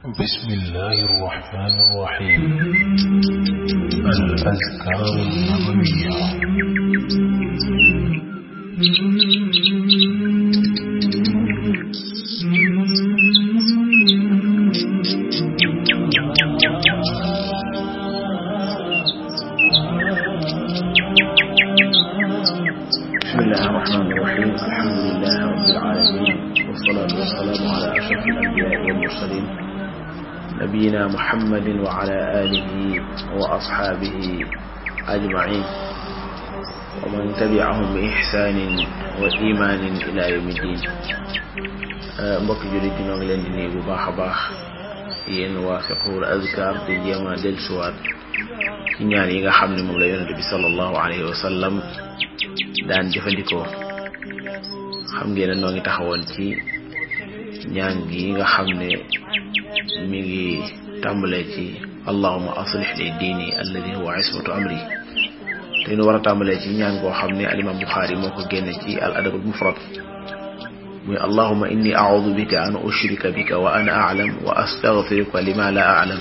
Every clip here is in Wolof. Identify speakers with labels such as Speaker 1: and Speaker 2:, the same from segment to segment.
Speaker 1: بسم الله الرحمن الرحيم الأذكار النبوية بسم الله الرحمن
Speaker 2: الرحيم الحمد لله رب العالمين والصلاة والسلام على أشرف الأنبياء والمرسلين nabiyina muhammadin wa ala alihi wa ashaabihi ajmain wa man tabiahum bi ihsaanin wa imaanin ila yawmi din mbokki jullit yi ñoo ngi leen di nuyu bu baax a baax yéen waa fiqhul azkar di jéem a dellusiwaat ci ñaan yi nga xam ne moom la yonente bi sallallahu alayhi wa sallam daan jëfandikoo xam ngeen ne noo ngi taxawoon ci ñaan gi nga xam ne mi ngi tàmbalee ci allahuma aslih li diini alladi huwa ismatu amri te ñu war a tàmbalee ci ñaan koo xam ne alimaam buxaari moo ko génne ci al adabul mufrad muy allahuma inni audu bika an ushrika bika wa ana alam wa astagfiruka lima la alam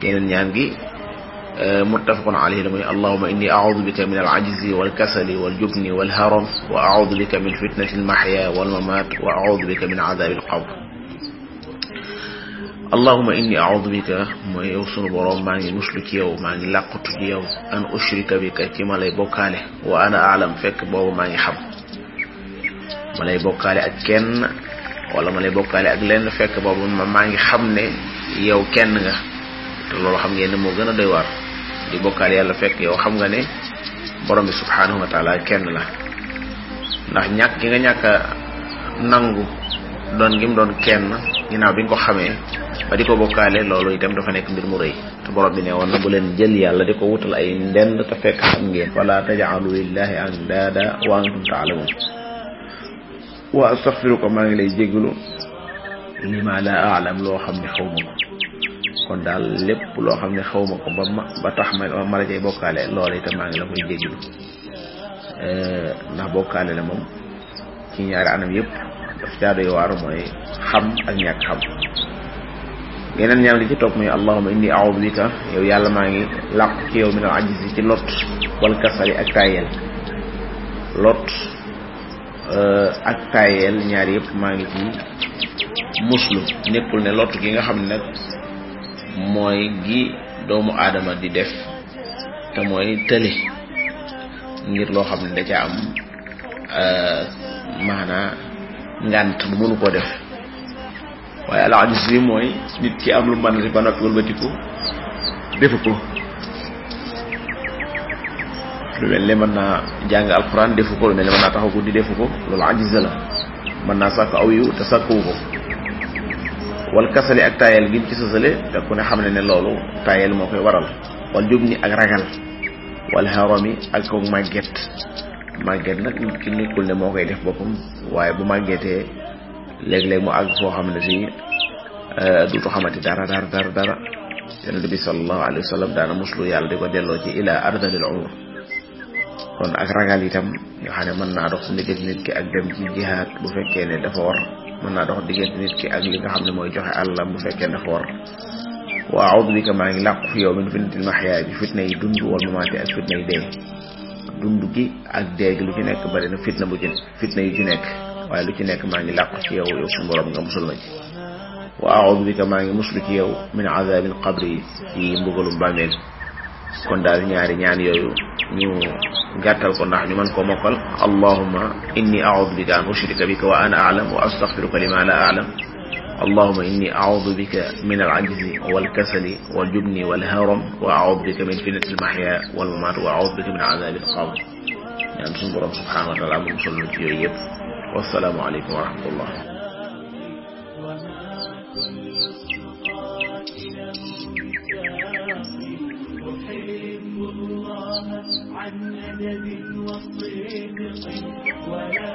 Speaker 2: geneen ñaan gi e, muttafaqun alayhi la muy allahuma inni audu bika min al ajzi wal kasali wal jubni wal haram wa audu bika min fitnati al mahya wal mamat wa audu bika min adabi al qabr allahuma inni aaudu bika mooy yow sunu boroom maa ngi muslu ci yow maa ngi làqutu ci yow an ushrika ka ci ma lay bokkaale wa ana alam fekk boobu maa ngi xam ma lay bokkaale ak kenn wala ma lay bokkaale ak lenn fekk boobu ma maa ngi xam ne yow kenn nga te loolu xam ngeen ne moo gën a doy waar di bokkaale yàlla fekk yow xam nga ne boroom bi subhaanahu wa kenn la ndax ñàkk gi nga ñàkk nangu doon gi doon kenn ginnaaw bi nga ko xamee ba di ko bokkaale loolu itam dafa nekk mbir mu rëy te borom bi ne woon na bu leen jël yàlla di ko wutal ay ndend te fekk xam ngeen wala tajaalu lillahi andaada wa antum taalamun wa astaghfiruka maa ngi lay jégalu lima la alam loo xam ne xaw ma ko kon daal lépp loo xam ne xaw ma ko ba ma ba tax ma ma la cay bokkaale loolu itam maa ngi la koy jégalu ndax bokkaale la moom ci ñaari anam yëpp daf caa doy waar mooy xam ak ñàkk xam yeneen ñaan li ci topp muy allahuma inni a'udhu bika yàlla maa ngi làqu ci yow min al ci lot wal ak tayel lot euh, ak tayel ñaar yëpp maa ngi ci muslu nekkul ne lot gi nga xam ne nag mooy gi doomu aadama di def te mooy tële ngir loo xam ne da euh, maanaa ngànt bu mënu koo def waaye alaajis bi mooy nit ki am lu man ba noppi wëlbatiku defu ko lu mën naa jàng alxuraan defu ko lu mel defu ko loolu ajis la mën naa sàkk aw yiw te sàkkuwu ko wal kasali ak taayal gi ci sësale te ku ne xam ne ne loolu taayal moo koy waral wal jub ni ak ragal wal haromi ak ko màgget màgget nag ki nekkul ne moo koy def boppam waaye bu màggetee léeg-léeg mu àgg foo xam ne si euh, dutu xamati dara dara dara dara yonente bi sallallahu alayhi wa sallam daana muslu yàlla di ko delloo ci ila ardalil umur kon ak ragal yitam nga xam ne mën naa dox diggante nit ki ak dem bu fekkee ne dafa war mën naa dox diggante nit ki ak li nga xam ne mooy joxe àllam bu fekkee ne dafa war wa a'udhu bika maa ngi làqu fi yow min fitnatil mahyaa bi fitna yi dund wal mamaati ak fitna yi dee dund ak dee gi ci nekk bari na fitna bu ci fitna yu ci nekk waaye lu ci nekk maa ngi làqu ci yow yow suñu borom nga musul wa aoudu bika maa ngi muslu ci yow min azabil qabri ci mbugalum bàmmeel kon daal ñaari ñaan yooyu ñu gàttal ko ndax ñu mën koo mokkal allahuma inni aoudu bika an ushrika bika wa ana ma wa astaghfiruka lima la a'lam allahuma inni audu bika min al ajzi wal kasali wal jubni wal haram wa audu bika min fitnati al mahya wal mamat wa audu bika min azabi al qabr ñaan suñu borom subhanahu wa taala mu musal ñu ci yooyu yëpp wasalaamu aleykum wa rahmatullah
Speaker 1: عن ندب وصدق ولا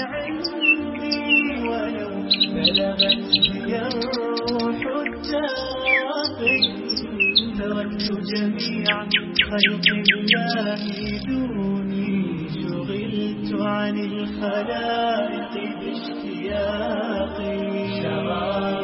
Speaker 1: عندي ولو بلغت بيروح التاقي تركت جميع خلق الله دوني شغلت عن الخلائق باشتياقي شراب